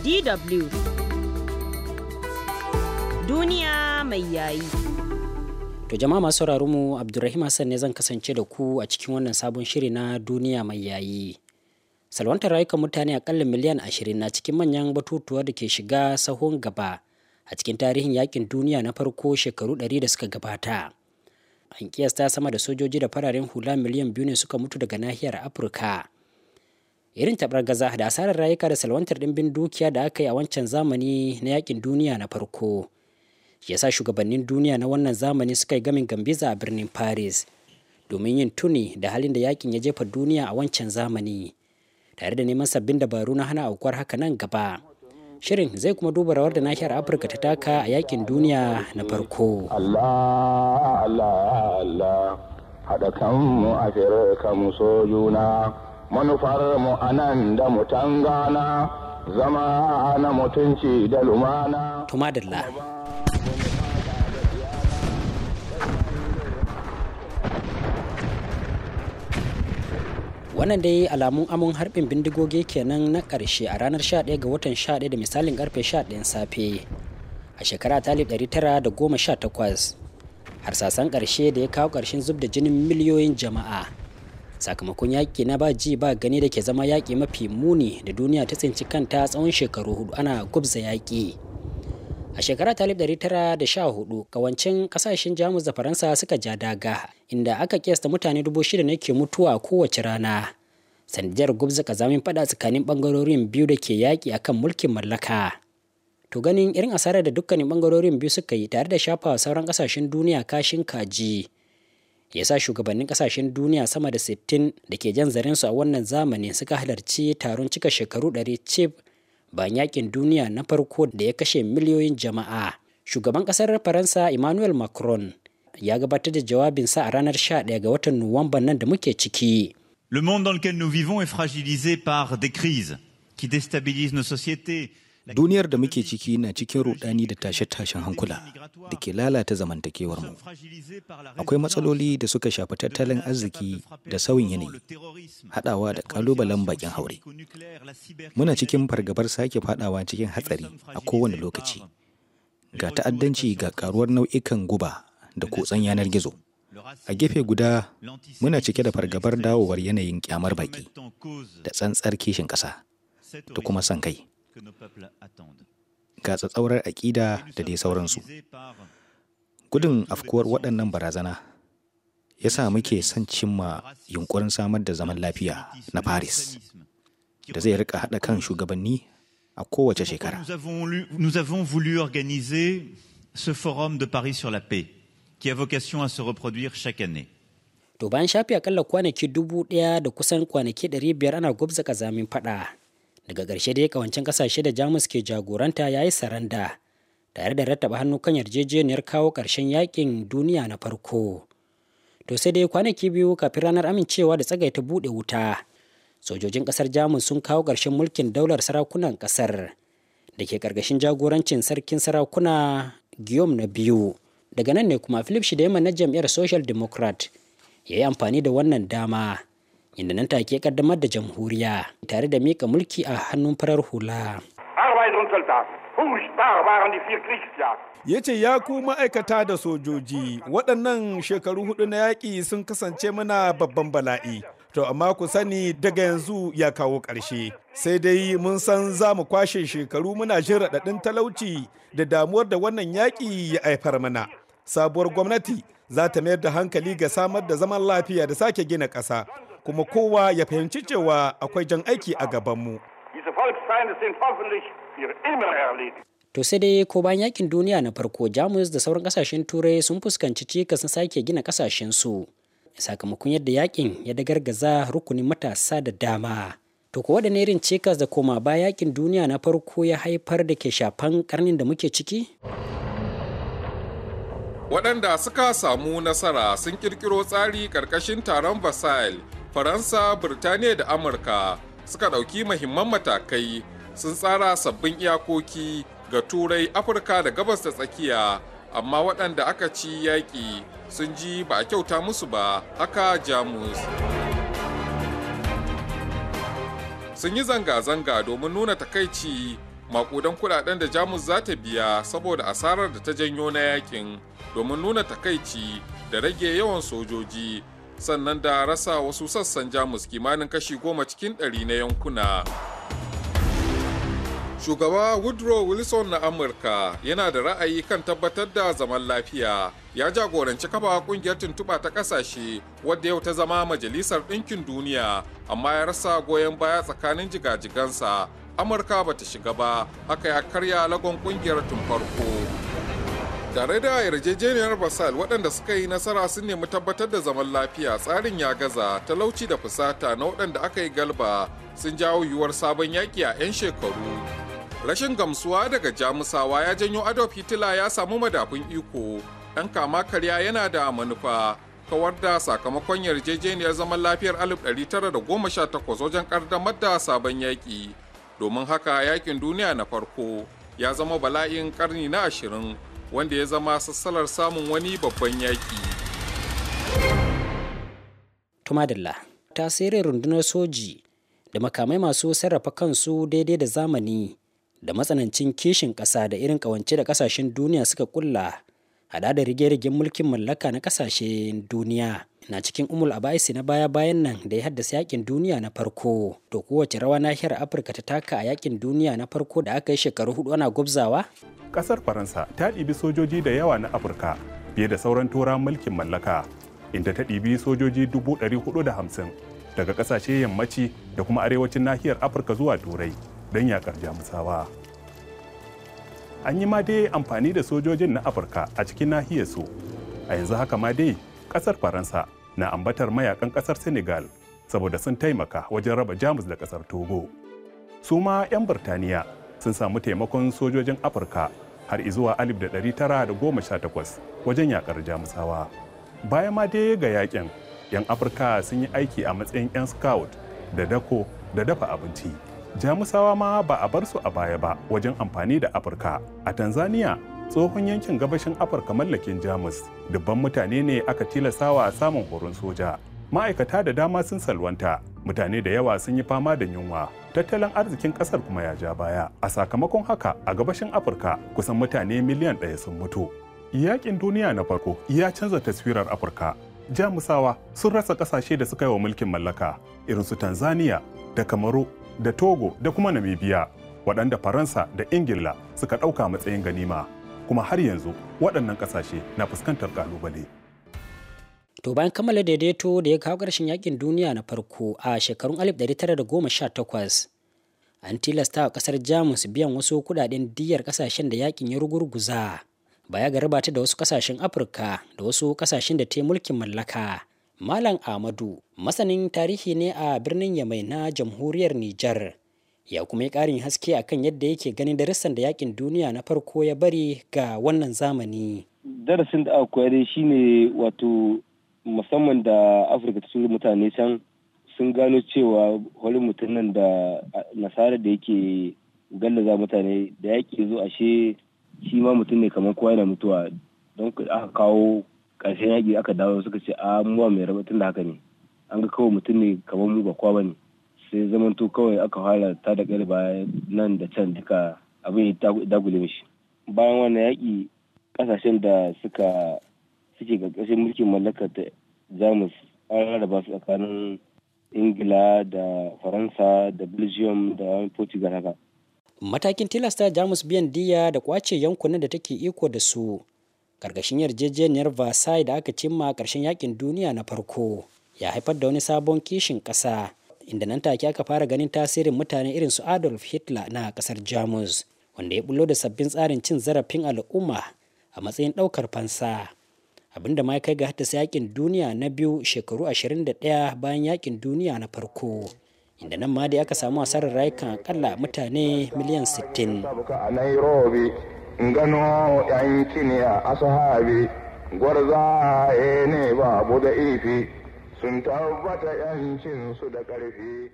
DW Duniya mai yayi. To jama'a masu mu Abdulrahim Hassan ne zan kasance da ku a cikin wannan sabon shiri na Duniya mai yayi. Salwantar rayukan mutane akalla miliyan ashirin na cikin manyan batutuwa da ke shiga sahun gaba a cikin tarihin yakin duniya na farko shekaru ɗari da suka gabata. An kiyasta sama da sojoji da fararen hula miliyan biyu ne suka mutu daga nahiyar Afirka. irin tabar gaza da asarar rayuka da salwantar dimbin dukiya da aka yi a wancan zamani na yakin duniya na farko yasa shugabannin duniya na wannan zamani suka yi gamin gambiza a birnin paris domin yin tuni da halin da yakin ya jefa duniya a wancan zamani tare da neman sabbin dabaru na hana aukuwar haka nan gaba shirin zai kuma duba rawar da nahiyar afirka ta taka a yakin duniya na farko juna manufar mu nan da mutan gana zama na mutunci da lumana. Tumadilla. wannan dai alamun amon harbin bindigogi kenan na karshe a ranar 11 ga watan 11 da misalin karfe 11 safe a shekara ta 1918 harsasan ƙarshe da ya kawo ƙarshen zub da jinin miliyoyin jama'a sakamakon yaƙi na ba ji ba gani da ke zama yaƙi mafi muni da duniya ta tsinci kanta tsawon shekaru hudu ana gubza yaƙi a shekara ta hudu, kawancin kasashen jamus da faransa suka ja daga inda aka kesta mutane dubu shida ne ke mutuwa kowace rana sanadiyar gubza kazamin fada tsakanin bangarorin biyu da ke yaƙi akan mulkin mallaka to ganin irin asarar da dukkanin bangarorin biyu suka yi tare da shafawa sauran kasashen duniya kashin kaji ya sa shugabannin kasashen duniya sama da 60 da ke jan zarensu a wannan zamani suka halarci taron cika shekaru 100 cif bayan yakin duniya na farko da ya kashe miliyoyin jama'a shugaban kasar faransa emmanuel macron ya gabatar da jawabinsa a ranar 11 ga watan nuwamba nan da muke ciki Le monde dans lequel nous vivons est fragilisé par des crises qui déstabilisent nos sociétés. Duniyar da muke ciki na cikin rudani da tashe-tashen hankula da ke lalata zamantakewar zamantakewarmu. Akwai matsaloli da suka shafi tattalin arziki da sauyin yanayi, haɗawa da ƙalubalen bakin haure. Muna cikin fargabar sake faɗawa cikin hatsari a kowane lokaci. Ga ta'addanci ga ƙaruwar nau'ikan guba da kutsen yanar gizo. A gefe guda, muna cike da fargabar dawowar yanayin kyamar baki da tsantsar kishin ƙasa da kuma son kai. ga tsatsaurar aƙida da dai sauransu gudun afkuwar waɗannan barazana ya sa muke son cimma yunƙurin samar da zaman lafiya na paris da zai rika haɗa kan shugabanni a kowace shekara nous avons voulu organiser ce forum de paris sur la paix qui a vocation à se reproduire chaque année to bayan shafi akalla kwanaki dubu ɗaya da kusan kwanaki biyar ana gwabza kazamin faɗa. daga ƙarshe dai kawancin ƙasashe da jamus ke jagoranta ya yi saranda tare da rattaba hannu kan yarjejeniyar kawo ƙarshen yaƙin duniya na farko to sai dai kwanaki biyu kafin ranar amincewa da tsagaita buɗe wuta sojojin ƙasar jamus sun kawo ƙarshen mulkin daular sarakunan ƙasar da ke ƙarƙashin jagorancin sarkin sarakuna guillaume na biyu daga nan ne kuma philip shidema na jam'iyyar social democrat ya yi amfani da wannan dama inda nan take kaddamar da jamhuriya tare da mika mulki a hannun farar hula. yace ce ya ku ma'aikata da sojoji waɗannan shekaru hudu na yaƙi sun kasance mana babban bala'i. To amma ku sani daga yanzu ya kawo ƙarshe. Sai dai mun san za mu kwashe shekaru muna jin raɗaɗin talauci da damuwar da wannan yaƙi ya aifar mana. Sabuwar gwamnati za ta mayar da hankali ga samar da zaman lafiya da sake gina ƙasa. kuma kowa ya fahimci cewa akwai jan aiki a gabanmu. To sai dai ko bayan yakin duniya na farko Jamus da sauran kasashen Turai sun fuskanci cikas na sake gina kasashensu. Sakamakon yadda yakin ya dagargaza rukunin matasa da dama. To ko waɗanne irin cikas da koma ba yakin duniya na farko ya haifar da ke shafan karnin da muke ciki? Waɗanda suka samu nasara sun kirkiro tsari ƙarƙashin taron Versailles faransa birtaniya da amurka suka ɗauki mahimman matakai sun tsara sabbin iyakoki ga turai afirka da gabas da tsakiya amma waɗanda aka ci yaƙi sun ji ba a kyauta musu ba haka jamus sun yi zanga-zanga domin nuna takaici makudan kudaden da jamus za ta biya saboda asarar da ta janyo na yakin domin nuna takaici da rage yawan sojoji sannan da rasa wasu sassan jamus kimanin kashi goma cikin ɗari na yankuna shugaba woodrow wilson na amurka yana da ra'ayi kan tabbatar da zaman lafiya ya jagoranci kafa kungiyar tuntuɓa ta ƙasashe wadda yau ta zama majalisar ɗinkin duniya amma ya rasa goyon baya tsakanin jigajigansa amurka ba ta shiga ba haka ya karya lagon kungiyar tun farko tare da yarjejeniyar basal waɗanda suka yi nasara sun nemi tabbatar da zaman lafiya tsarin ya gaza talauci da fusata na waɗanda aka yi galba sun jawo yiwuwar sabon yaƙi a 'yan shekaru rashin gamsuwa daga jamusawa ya janyo adolf fitila ya samu madafun iko ɗan kama karya yana da manufa kawar da sakamakon yarjejeniyar zaman lafiyar alif ɗari tara goma sha takwas wajen ƙaddamar da sabon yaƙi domin haka yaƙin duniya na farko ya zama bala'in ƙarni na ashirin wanda ya zama sassalar samun wani babban yaƙi. Tumadilla, tasirin rundunar soji da makamai masu sarrafa kansu daidai da zamani da matsanancin kishin ƙasa da irin ƙawance da ƙasashen duniya suka ƙulla. hada da rige-rigen mulkin mallaka na kasashen duniya na cikin umul abaisi na baya-bayan nan da ya haddasa yakin duniya na farko to kowace rawa nahiyar afirka ta taka a yakin duniya na farko da aka yi shekaru hudu ana gwabzawa kasar faransa ta ɗibi sojoji da yawa na afirka fiye da sauran tura mulkin mallaka inda ta ɗibi sojoji dubu ɗari da hamsin daga ƙasashe yammaci da kuma arewacin nahiyar afirka zuwa turai don yakar jamusawa an yi ma dai amfani da sojojin na afirka a cikin nahiyar su a yanzu haka ma dai kasar faransa na ambatar mayakan kasar senegal saboda sun taimaka wajen raba jamus da kasar togo su ma 'yan birtaniya sun samu taimakon sojojin afirka har izuwa 1918 wajen yakar jamusawa bayan ma dai ga yakin 'yan afirka sun yi aiki a matsayin 'yan scout da dako da dafa abinci jamusawa ma ba a bar su a baya ba wajen amfani da afirka a tanzania tsohon yankin gabashin afirka mallakin jamus dubban mutane ne aka tilasawa samun horon soja ma'aikata da dama sun salwanta mutane da yawa sun yi fama da yunwa tattalin arzikin kasar kuma ya ja baya a sakamakon haka a gabashin afirka kusan mutane miliyan ɗaya sun mutu yakin duniya na farko ya canza taswirar afirka jamusawa sun rasa kasashe da suka yi wa mulkin mallaka irin su tanzania da kamaru da togo da kuma namibia waɗanda faransa da ingila suka ɗauka matsayin ganima kuma har yanzu waɗannan ƙasashe na fuskantar ƙalubale. To bayan kammala daidaito da ya kawo ƙarshen yakin duniya na farko a shekarun 1918 an tilasta a ƙasar Jamus biyan wasu kuɗaɗen diyar ƙasashen da yakin ya rugurguza baya ga rabata da wasu ƙasashen Afirka da wasu ƙasashen da ta mulkin mallaka. Malam Ahmadu masanin tarihi ne a birnin Yamai na jamhuriyar Nijar. Ya kuma yi ƙarin haske akan yadda yake ganin darussan da yakin duniya na farko ya bari ga wannan zamani. Darasin da aka shi shine wato musamman da Afirka ta mutane can sun gano cewa holin mutum nan da nasara da yake gallaza mutane da yaƙi zo ashe shi ma mutum ne kamar kowa yana mutuwa don aka kawo karshen yaƙi aka dawo suka ce ah, a muwa mai raba tun da haka ne an ga kawai mutum ne kamar mu ba kowa ne sai zamanto kawai aka fara ta da ƙarfi nan da can duka abin ya dagule mishi bayan wannan yaƙi ƙasashen da suka suke ƙarƙashin mulkin mallaka ta jamus an rarraba su tsakanin ingila da faransa da belgium da portugal haka matakin tilasta jamus biyan diya da kwace yankunan da take iko da su Karkashin yarjejeniyar Versailles da aka cimma a ƙarshen yakin duniya na farko ya haifar da wani sabon kishin ƙasa inda nan take aka fara ganin tasirin mutane irin su Adolf Hitler na ƙasar Jamus wanda ya bullo da sabbin tsarin cin zarafin al'umma a matsayin ɗaukar fansa. abinda ma ya kai ga haddasa yakin duniya na biyu shekaru 21 bayan yakin duniya na farko inda nan ma dai aka samu asarar rayukan akalla mutane miliyan 60 gano yankin ya ashabi gwarza ne babu da ifi sun tabbata yancin su da ƙarfi